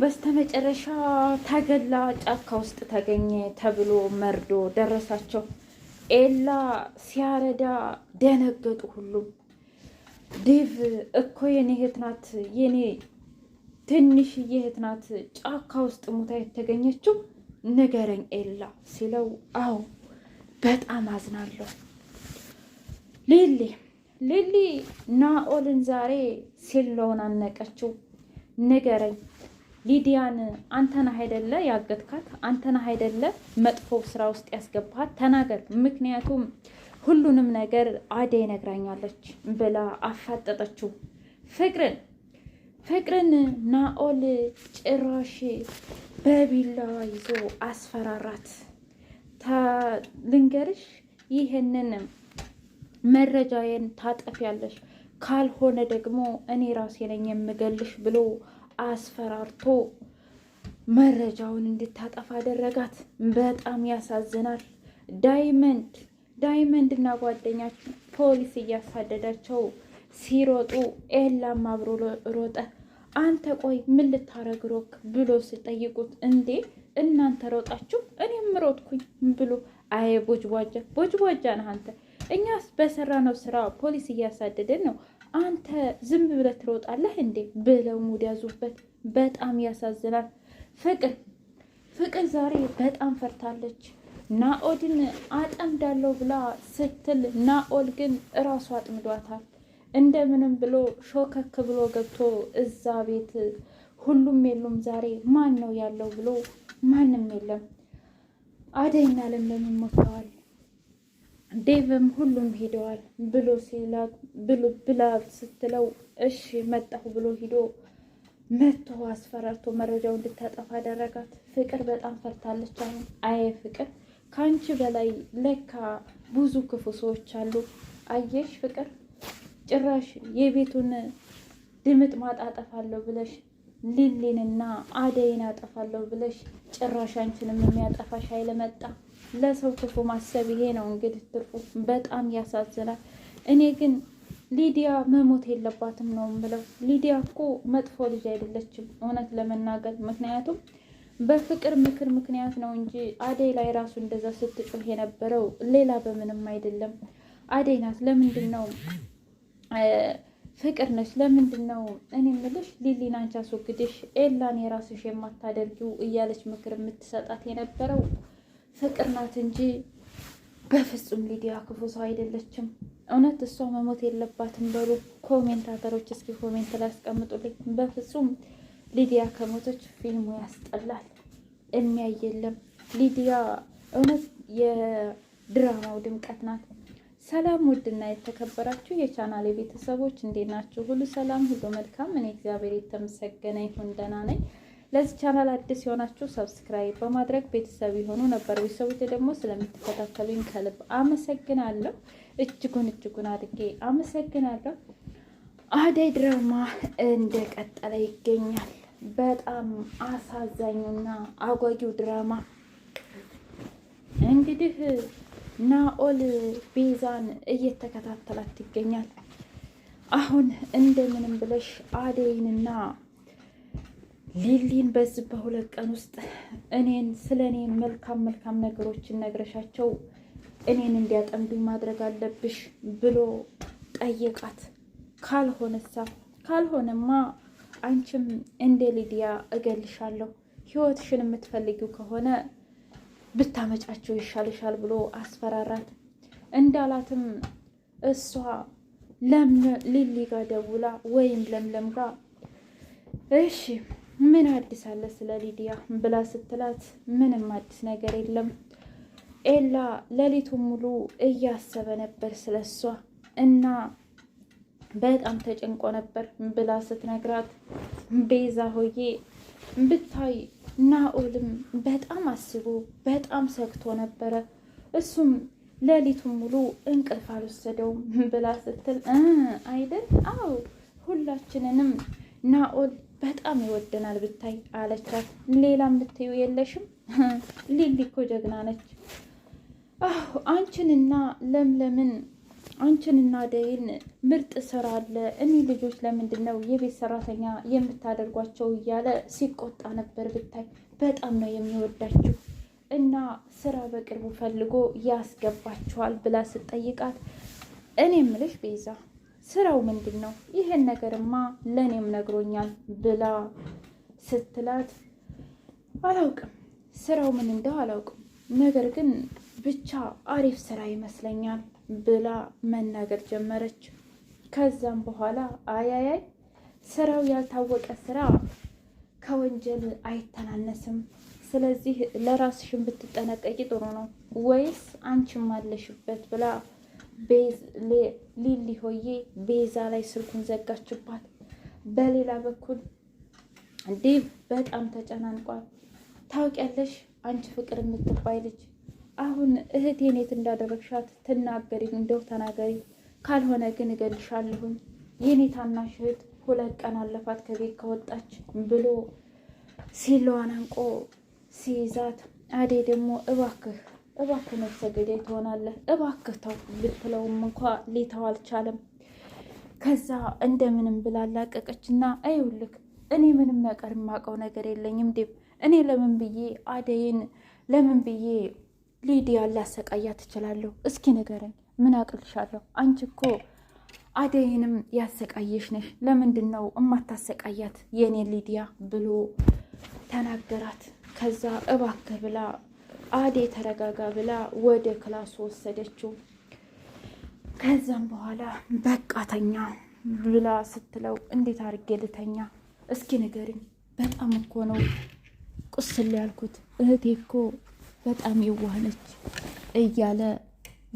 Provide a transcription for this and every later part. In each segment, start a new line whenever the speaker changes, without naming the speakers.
በስተመጨረሻ ተገላ ጫካ ውስጥ ተገኘ ተብሎ መርዶ ደረሳቸው። ኤላ ሲያረዳ ደነገጡ ሁሉም። ዴቭ እኮ የኔ እህት ናት፣ የኔ ትንሽዬ እህት ናት ጫካ ውስጥ ሙታ የተገኘችው ንገረኝ ኤላ ሲለው፣ አዎ በጣም አዝናለሁ። ሊሊ ሊሊ ናኦልን ዛሬ ሲለውን አነቀችው። ንገረኝ ሊዲያን አንተን አይደለ ያገትካት? አንተነህ አይደለ መጥፎ ስራ ውስጥ ያስገባሃት? ተናገር፣ ምክንያቱም ሁሉንም ነገር አደይ ነግራኛለች ብላ አፋጠጠችው ፍቅርን። ፍቅርን ናኦል ጭራሽ በቢላ ይዞ አስፈራራት። ልንገርሽ፣ ይህንን መረጃዬን ታጠፊያለሽ፣ ካልሆነ ደግሞ እኔ ራሴ ነኝ የምገልሽ ብሎ አስፈራርቶ መረጃውን እንድታጠፋ አደረጋት። በጣም ያሳዝናል። ዳይመንድ ዳይመንድ እና ጓደኛችሁ ፖሊስ እያሳደዳቸው ሲሮጡ ኤላም አብሮ ሮጠ። አንተ ቆይ ምን ልታረግ ሮክ ብሎ ስጠይቁት፣ እንዴ እናንተ ሮጣችሁ እኔም ሮጥኩኝ ብሎ አየ ቦጅቧጃ ቦጅቧጃ ነህ አንተ እኛ በሰራ ነው ስራ ፖሊስ እያሳደደን ነው አንተ ዝም ብለህ ትሮጣለህ እንዴ ብለው ሙድ ያዙበት። በጣም ያሳዝናል። ፍቅር ፍቅር ዛሬ በጣም ፈርታለች። ናኦድን አጠምዳለሁ ብላ ስትል ናኦል ግን እራሱ አጥምዷታል። እንደምንም ብሎ ሾከክ ብሎ ገብቶ እዛ ቤት ሁሉም የሉም። ዛሬ ማን ነው ያለው ብሎ ማንም የለም። አደይና ለምለም ሞተዋል። ዴቭም ሁሉም ሄደዋል ብሎ ብላ ስትለው እሺ መጣሁ ብሎ ሂዶ መጥቶ አስፈራርቶ መረጃው እንድታጠፋ አደረጋት። ፍቅር በጣም ፈርታለች። አሁን አየ ፍቅር ከአንቺ በላይ ለካ ብዙ ክፉ ሰዎች አሉ። አየሽ ፍቅር ጭራሽ የቤቱን ድምጥ ማጣ አጠፋለሁ ብለሽ ሊሊንና አደይን አጠፋለሁ ብለሽ ጭራሽ አንቺንም የሚያጠፋሽ አይለመጣ መጣ። ለሰው ክፉ ማሰብ ይሄ ነው እንግዲህ ትርፉ። በጣም ያሳዝናል። እኔ ግን ሊዲያ መሞት የለባትም ነው ምለው። ሊዲያ እኮ መጥፎ ልጅ አይደለችም እውነት ለመናገር ምክንያቱም በፍቅር ምክር ምክንያት ነው እንጂ አደይ ላይ ራሱ እንደዛ ስትጮህ የነበረው ሌላ በምንም አይደለም። አደይ ናት። ለምንድን ነው ፍቅር ነች። ለምንድን ነው እኔ ምልሽ ሊሊን አንቺ ኤላን የራስሽ የማታደርጊው እያለች ምክር የምትሰጣት የነበረው ፍቅር ናት እንጂ በፍጹም ሊዲያ ክፉ ሰው አይደለችም። እውነት እሷ መሞት የለባትም በሉ ኮሜንታተሮች፣ እስኪ ኮሜንት ላይ ያስቀምጡልኝ። በፍጹም ሊዲያ ከሞተች ፊልሙ ያስጠላል፣ የሚያይ የለም። ሊዲያ እውነት የድራማው ድምቀት ናት። ሰላም ውድና የተከበራችሁ የቻናል ቤተሰቦች እንዴት ናችሁ? ሁሉ ሰላም፣ ሁሉ መልካም። እኔ እግዚአብሔር የተመሰገነ ይሁን ደህና ነኝ። ለዚህ ቻናል አዲስ የሆናችሁ ሰብስክራይብ በማድረግ ቤተሰብ የሆኑ ነበር። ቤተሰቦች ደግሞ ስለምትከታተሉኝ ከልብ አመሰግናለሁ። እጅጉን እጅጉን አድጌ አመሰግናለሁ። አደይ ድራማ እንደቀጠለ ይገኛል። በጣም አሳዛኝና አጓጊው ድራማ እንግዲህ ናኦል ቤዛን እየተከታተላት ይገኛል። አሁን እንደምንም ብለሽ አደይንና ሊሊን በዚህ በሁለት ቀን ውስጥ እኔን ስለ እኔ መልካም መልካም ነገሮችን ነግረሻቸው እኔን እንዲያጠምዱኝ ማድረግ አለብሽ ብሎ ጠየቃት። ካልሆነሳ ካልሆነማ አንቺም እንደ ሊዲያ እገልሻለሁ፣ ህይወትሽን የምትፈልጊው ከሆነ ብታመጫቸው ይሻልሻል ብሎ አስፈራራት። እንዳላትም እሷ ሊሊ ጋ ደውላ ወይም ለምለም ጋ እሺ ምን አዲስ አለ ስለ ሊዲያ ብላ ስትላት ምንም አዲስ ነገር የለም ኤላ ሌሊቱን ሙሉ እያሰበ ነበር ስለሷ እና በጣም ተጨንቆ ነበር ብላ ስትነግራት ቤዛ ሆዬ ብታይ ናኦልም በጣም አስቦ በጣም ሰግቶ ነበረ። እሱም ሌሊቱን ሙሉ እንቅልፍ አልወሰደውም ብላ ስትል አይደል? አዎ ሁላችንንም ናኦል በጣም ይወደናል ብታይ አለቻት። ሌላም ምትዩ የለሽም ሊሊ እኮ ጀግና ነች። አሁ አንቺንና ለምለምን አንቺንና ደይን ምርጥ ስራ አለ። እኔ ልጆች ለምንድን ነው የቤት ሰራተኛ የምታደርጓቸው እያለ ሲቆጣ ነበር ብታይ። በጣም ነው የሚወዳችሁ እና ስራ በቅርቡ ፈልጎ ያስገባችኋል ብላ ስጠይቃት እኔ ምልሽ ቤዛ ስራው ምንድን ነው? ይሄን ነገርማ ለእኔም ነግሮኛል ብላ ስትላት አላውቅም፣ ስራው ምን እንደው አላውቅም፣ ነገር ግን ብቻ አሪፍ ስራ ይመስለኛል ብላ መናገር ጀመረች። ከዛም በኋላ አያያይ ስራው ያልታወቀ ስራ ከወንጀል አይተናነስም። ስለዚህ ለራስሽን ብትጠነቀቂ ጥሩ ነው ወይስ አንቺም አለሽበት ብላ ሊሊ ሆዬ ቤዛ ላይ ስልኩን ዘጋችባት። በሌላ በኩል ዴቭ በጣም ተጨናንቋል። ታውቂያለሽ አንቺ ፍቅር የምትባይ ልጅ አሁን እህቴን የት እንዳደረግሻት ትናገሪ፣ እንደው ተናገሪ፣ ካልሆነ ግን እገልሻለሁኝ። የኔ ታናሽ እህት ሁለት ቀን አለፋት ከቤት ከወጣች ብሎ ሲለዋን አንቆ ሲይዛት፣ አዴ ደግሞ እባክህ እባክህ ነፍሰ ገዳይ ትሆናለህ፣ እባክህ ተው ብትለውም እንኳ ሊተው አልቻለም። ከዛ እንደምንም ብላ ላቀቀች እና አይውልክ እኔ ምንም ነገር የማውቀው ነገር የለኝም ዲብ እኔ ለምን ብዬ አደይን ለምን ብዬ ሊዲያ ላሰቃያት ትችላለሁ? እስኪ ንገረኝ፣ ምን አቅልሻለሁ? አንቺ እኮ አደይንም ያሰቃየሽ ነሽ። ለምንድን ነው እማታሰቃያት የኔ ሊዲያ ብሎ ተናገራት። ከዛ እባክህ ብላ አዴ ተረጋጋ ብላ ወደ ክላሱ ወሰደችው። ከዛም በኋላ በቃተኛ ብላ ስትለው እንዴት አድርጌ ልተኛ እስኪ ንገሪኝ፣ በጣም እኮ ነው ቁስል ያልኩት እህቴ እኮ በጣም የዋህነች እያለ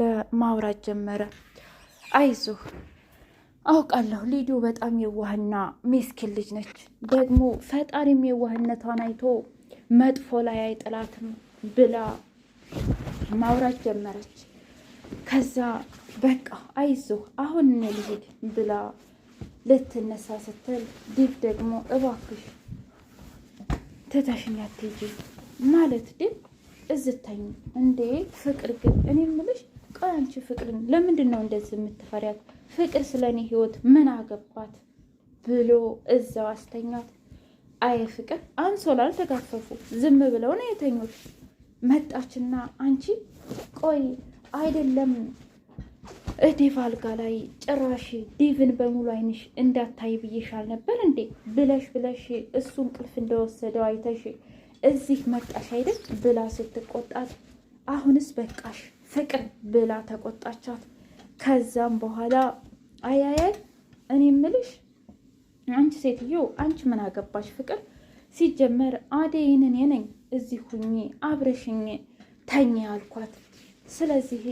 ለማውራት ጀመረ። አይዞህ አውቃለሁ ሊዲዮ በጣም የዋህና ሚስኪን ልጅ ነች። ደግሞ ፈጣሪም የዋህነቷን አይቶ መጥፎ ላይ አይጥላትም። ብላ ማውራት ጀመረች። ከዛ በቃ አይዞህ አሁን እኔ ብላ ልትነሳ ስትል ዲብ ደግሞ እባክሽ ትተሽኝ አትሄጂ ማለት ዲብ እዝተኝ እንዴ ፍቅር ግን እኔ የምልሽ ቆይ አንቺ ፍቅርን ለምንድን ነው እንደዚህ የምትፈሪያት? ፍቅር ስለ እኔ ህይወት ምን አገባት ብሎ እዛው አስተኛት። አየ ፍቅር አንሶላ አልተጋፈፉ ዝም ብለው ነው የተኙት። መጣችና አንቺ ቆይ አይደለም ዴቭ አልጋ ላይ ጭራሽ ዲቭን በሙሉ አይንሽ እንዳታይ ብዬሻል ነበር እንዴ? ብለሽ ብለሽ እሱ እንቅልፍ እንደወሰደው አይተሽ እዚህ መጣሽ አይደል? ብላ ስትቆጣት አሁንስ በቃሽ ፍቅር ብላ ተቆጣቻት። ከዛም በኋላ አያያይ እኔ ምልሽ አንቺ ሴትዮ አንቺ ምን አገባሽ ፍቅር ሲጀመር አደይን እኔ ነኝ እዚህ ሁኜ አብረሽኝ ተኝ ያልኳት። ስለዚህ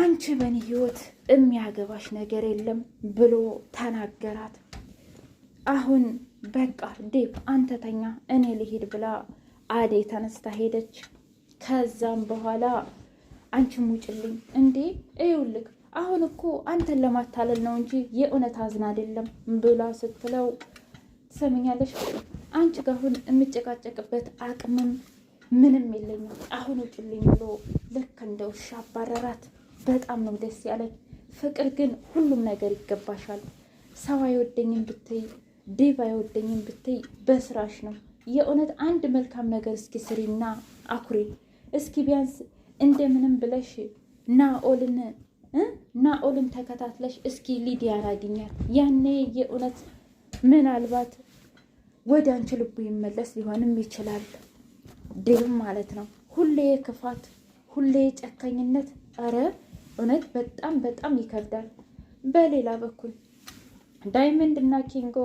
አንቺ በኔ ህይወት የሚያገባሽ ነገር የለም ብሎ ተናገራት። አሁን በቃ ዴብ አንተ ተኛ እኔ ልሄድ ብላ አደይ ተነስታ ሄደች። ከዛም በኋላ አንቺም ውጭልኝ እንዴ እዩልክ አሁን እኮ አንተን ለማታለል ነው እንጂ የእውነት አዝና አይደለም ብላ ስትለው ሰምኛለሽ? አንቺ ጋር አሁን የምጨቃጨቅበት አቅምም ምንም የለኝም። አሁን ውጭልኝ ብሎ ልክ እንደ ውሻ አባረራት። በጣም ነው ደስ ያለኝ። ፍቅር ግን ሁሉም ነገር ይገባሻል። ሰው አይወደኝም ብትይ፣ ዲቭ አይወደኝም ብትይ በስራሽ ነው። የእውነት አንድ መልካም ነገር እስኪ ስሪና አኩሪ። እስኪ ቢያንስ እንደምንም ብለሽ ናኦልን ናኦልን ተከታትለሽ እስኪ ሊዲያን አግኛት። ያኔ የእውነት ምናልባት ወደ አንቺ ልቡ ይመለስ ሊሆንም ይችላል ድልም ማለት ነው። ሁሌ ክፋት፣ ሁሌ ጨካኝነት፣ ኧረ እውነት በጣም በጣም ይከብዳል። በሌላ በኩል ዳይመንድ እና ኪንጎ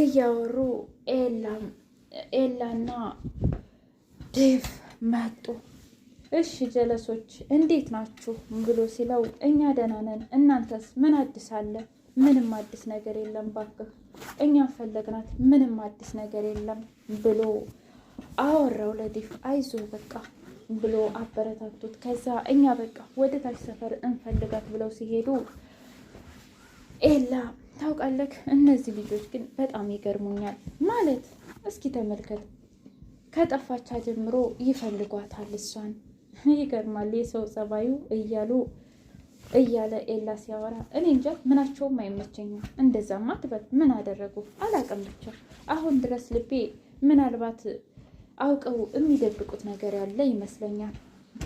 እያወሩ ኤላና ዴቭ መጡ። እሺ ጀለሶች እንዴት ናችሁ ብሎ ሲለው እኛ ደህና ነን፣ እናንተስ ምን አዲስ አለ? ምንም አዲስ ነገር የለም ባክህ፣ እኛም ፈለግናት፣ ምንም አዲስ ነገር የለም ብሎ አወራው። ለዲፍ አይዞ በቃ ብሎ አበረታቱት። ከዛ እኛ በቃ ወደ ታች ሰፈር እንፈልጋት ብለው ሲሄዱ ኤላ ታውቃለህ፣ እነዚህ ልጆች ግን በጣም ይገርሙኛል። ማለት እስኪ ተመልከት፣ ከጠፋቻ ጀምሮ ይፈልጓታል እሷን። ይገርማል የሰው ጸባዩ እያሉ እያለ ኤላ ሲያወራ እኔ እንጃ ምናቸውም አይመቸኝም። እንደዛማ አትበል። ምን አደረጉ አላውቅም። ብቻ አሁን ድረስ ልቤ ምናልባት አውቀው የሚደብቁት ነገር ያለ ይመስለኛል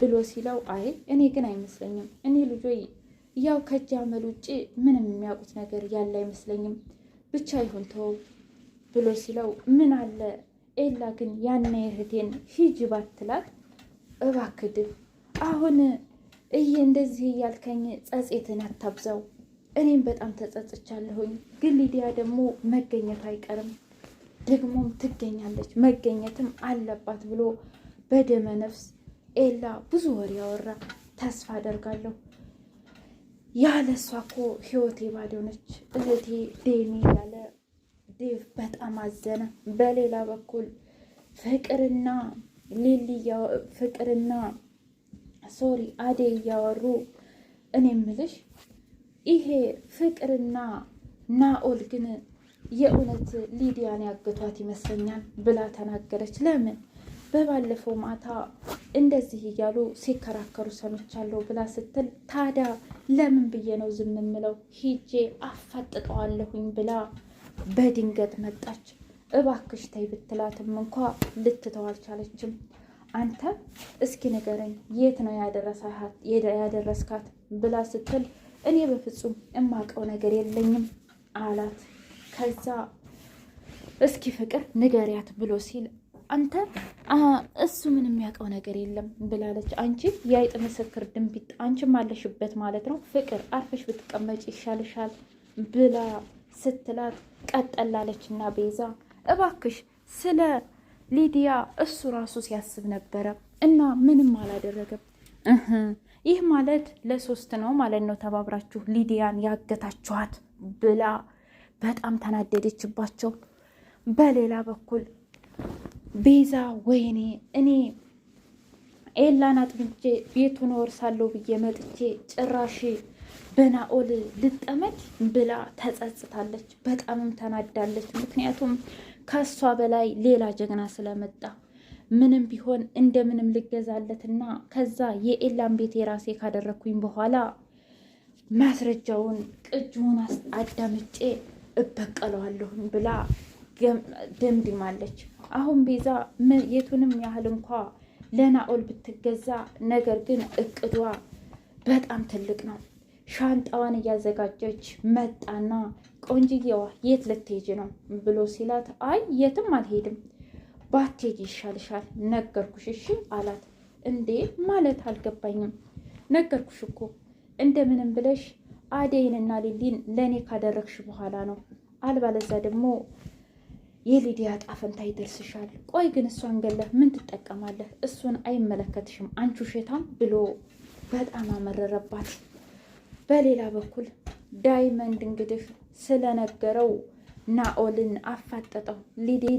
ብሎ ሲለው፣ አይ እኔ ግን አይመስለኝም። እኔ ልጆይ ያው ከጃመል ውጭ ምንም የሚያውቁት ነገር ያለ አይመስለኝም። ብቻ ይሁን ተው ብሎ ሲለው፣ ምን አለ ኤላ ግን ያነ እህቴን ሂጂ ባትላት እባክህ አሁን እይ እንደዚህ እያልከኝ ጸጸትን አታብዛው። እኔም በጣም ተጸጽቻለሁኝ፣ ግን ሊዲያ ደግሞ መገኘቱ አይቀርም ደግሞም ትገኛለች መገኘትም አለባት ብሎ በደመ ነፍስ ኤላ ብዙ ወሬ ያወራ። ተስፋ አደርጋለሁ ያለ እሷ እኮ ህይወቴ ባዶ ነች እህቴ ዴኒ ያለ ዴቭ በጣም አዘነ። በሌላ በኩል ፍቅርና ሊሊ ፍቅርና ሶሪ አዴ እያወሩ እኔ ምልሽ ይሄ ፍቅርና ናኦል ግን የእውነት ሊዲያን ያገቷት ይመስለኛል ብላ ተናገረች። ለምን በባለፈው ማታ እንደዚህ እያሉ ሲከራከሩ ሰምቻለሁ ብላ ስትል፣ ታዲያ ለምን ብዬ ነው ዝም የምለው? ሂጄ አፋጥጠዋለሁኝ ብላ በድንገት መጣች። እባክሽ ተይ ብትላትም እንኳ ልትተው አልቻለችም። አንተ እስኪ ንገረኝ የት ነው ያደረስካት ብላ ስትል እኔ በፍጹም እማቀው ነገር የለኝም አላት። ከዛ እስኪ ፍቅር ንገሪያት ብሎ ሲል አንተ እሱ ምን የሚያውቀው ነገር የለም ብላለች። አንቺ የአይጥ ምስክር ድንቢጥ፣ አንቺም አለሽበት ማለት ነው ፍቅር፣ አርፈሽ ብትቀመጭ ይሻልሻል ብላ ስትላት ቀጠላለች እና ቤዛ እባክሽ ስለ ሊዲያ እሱ ራሱ ሲያስብ ነበረ እና ምንም አላደረገም። ይህ ማለት ለሶስት ነው ማለት ነው ተባብራችሁ ሊዲያን ያገታችኋት ብላ በጣም ተናደደችባቸው። በሌላ በኩል ቤዛ ወይኔ እኔ ኤላን አጥምጄ ቤቱን ወርሳለሁ ብዬ መጥቼ ጭራሽ በናኦል ልጠመድ ብላ ተጸጽታለች። በጣምም ተናዳለች። ምክንያቱም ከሷ በላይ ሌላ ጀግና ስለመጣ ምንም ቢሆን እንደምንም ልገዛለትና ከዛ የኤላን ቤት የራሴ ካደረግኩኝ በኋላ ማስረጃውን ቅጁን አዳምጬ እበቀለዋለሁኝ ብላ ደምድማለች። አሁን ቤዛ የቱንም ያህል እንኳ ለናኦል ብትገዛ ነገር ግን እቅዷ በጣም ትልቅ ነው። ሻንጣዋን እያዘጋጀች መጣና ቆንጅየዋ የት ልትሄጂ ነው ብሎ ሲላት፣ አይ የትም አልሄድም ባትሄጂ ይሻልሻል ነገርኩሽ እሺ አላት። እንዴ ማለት አልገባኝም። ነገርኩሽ እኮ እንደምንም ብለሽ አደይንና ሊሊን ለእኔ ካደረግሽ በኋላ ነው። አልባለዛ ደግሞ የሊዲያ ጣፈንታ ይደርስሻል። ቆይ ግን እሷን ገለህ ምን ትጠቀማለህ? እሱን አይመለከትሽም አንቺ ውሸታም ብሎ በጣም አመረረባት። በሌላ በኩል ዳይመንድ እንግዲህ ስለነገረው ናኦልን አፋጠጠው ሊዲ